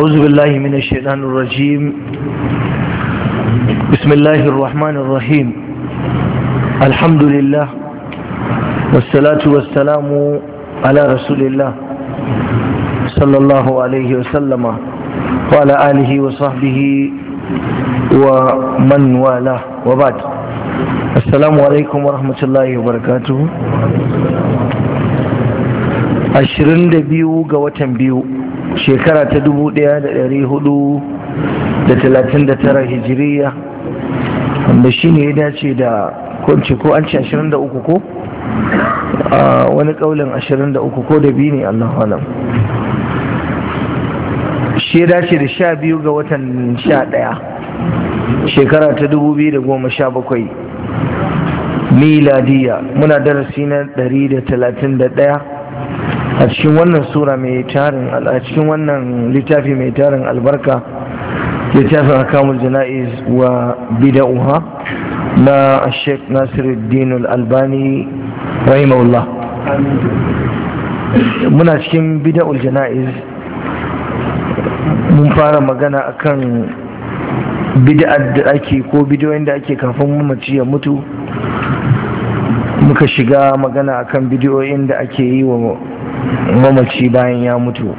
أعوذ بالله من الشيطان الرجيم بسم الله الرحمن الرحيم الحمد لله والصلاة والسلام على رسول الله صلى الله عليه وسلم وعلى آله وصحبه ومن والاه وبعد السلام عليكم ورحمة الله وبركاته ashirin da biyu ga watan biyu shekara ta 1439 hijiriya wanda shi ne ya dace da kwanci ko an ce 23 ko wani kaulin 23 ko da biyu ne Allah alam shi ya dace da 12 ga watan 11 shekara ta 2017 miladiya muna darasi na 131 a cikin wannan sura mai tarin a cikin wannan littafi mai tarin albarka littafin akamul jana'iz wa bida'uha na sheikh nasiruddin albani rahimahullah muna cikin bida'ul jana'iz mun fara magana akan bida'ar da ake ko bidiyoyin da ake kafin mamaci ya mutu muka shiga magana akan bidiyoyin da ake yi wa mamaci bayan ya mutu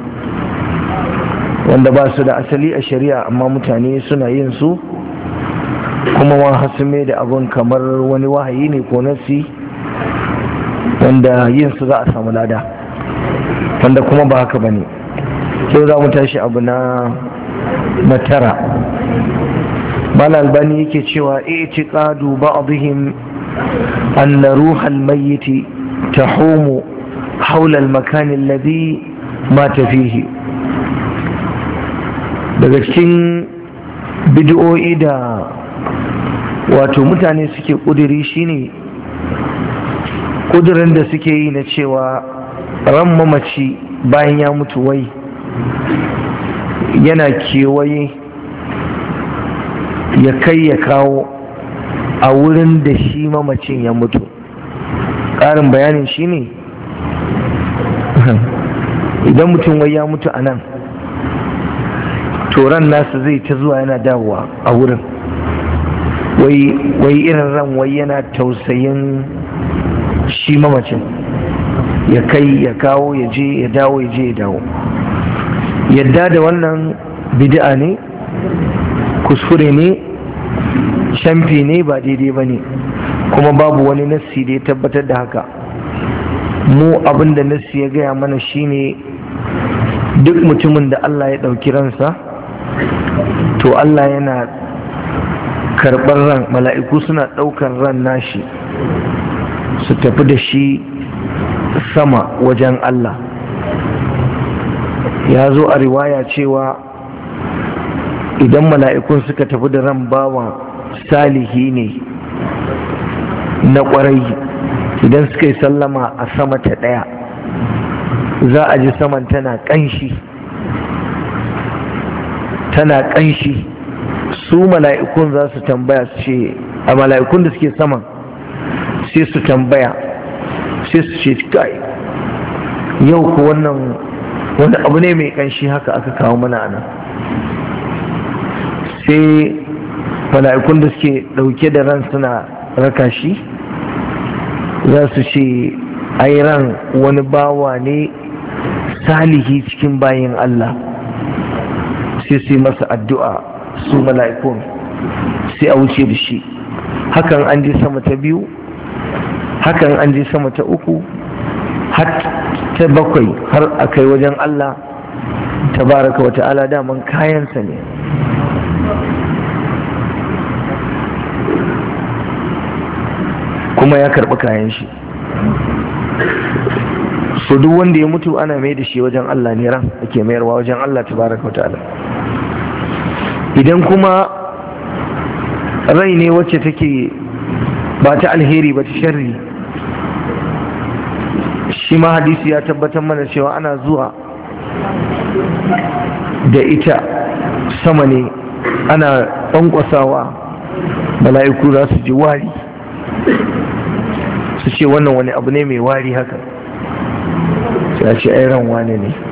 wanda ba su da asali a shari'a amma mutane suna yin su kuma wa hasume da abin kamar wani wahayi ne ko nasi wanda yin su za a samu lada wanda kuma ba haka ba ne yau za mu tashi abu na matara. bala albani yake cewa i'tiqadu ba'dihim أن روح الميت تحوم حول المكان الذي مات فيه daga cikin bid'o'i da wato mutane suke ƙudiri shine ƙudirin da suke yi na cewa ran mamaci bayan ya mutu wai yana kewaye ya kai ya kawo a wurin da shi mamacin ya mutu ƙarin bayanin shi ne idan mutum wai ya mutu a nan toron nasu zai ta zuwa yana dawowa a wurin wai irin ran wai yana tausayin shi mamacin ya kai ya kawo ya je ya dawo ya je ya dawo yadda da wannan bid'a ne kuskure ne shamfi ne ba daidai ba ne kuma babu wani nassi da ya tabbatar da haka mu abin da nassi ya gaya mana shine duk mutumin da Allah ya ɗauki ransa to Allah yana karɓar ran mala'iku suna ɗaukar ran nashi su tafi da shi sama wajen Allah ya zo a riwaya cewa idan mala'ikun suka tafi da ran bawa salihi ne na kwarai idan suka yi sallama a sama ta ɗaya za a ji saman tana ƙanshi tana ƙanshi su mala'ikun za su tambaya su ce a mala'ikun da suke saman sai su tambaya sai su ce kai yau ku wannan wani abu ne mai ƙanshi haka aka kawo mana nan sai mala'ikun da suke ɗauke da ran suna raka shi za su ce ai ran wani bawa ne salihi cikin bayin Allah sai su yi masa addu'a su mala'ikun sai a wuce da shi hakan an je sama ta biyu hakan an je sama ta uku har ta bakwai har a kai wajen Allah tabaraka wa ta'ala daman kayansa ne kuma ya karɓi kayan shi so duk wanda ya mutu ana mai da shi wajen Allah ne ran ake mayarwa wajen Allah baraka wa ta'ala idan kuma rai ne wacce take ba ta alheri ba ta sharri shi ma hadisi ya tabbatar mana cewa ana zuwa da ita sama ne ana ƙwanƙwasawa mala'iku za su ji wari su ce wannan wani abu ne mai wari haka Ya ce ai ran wane ne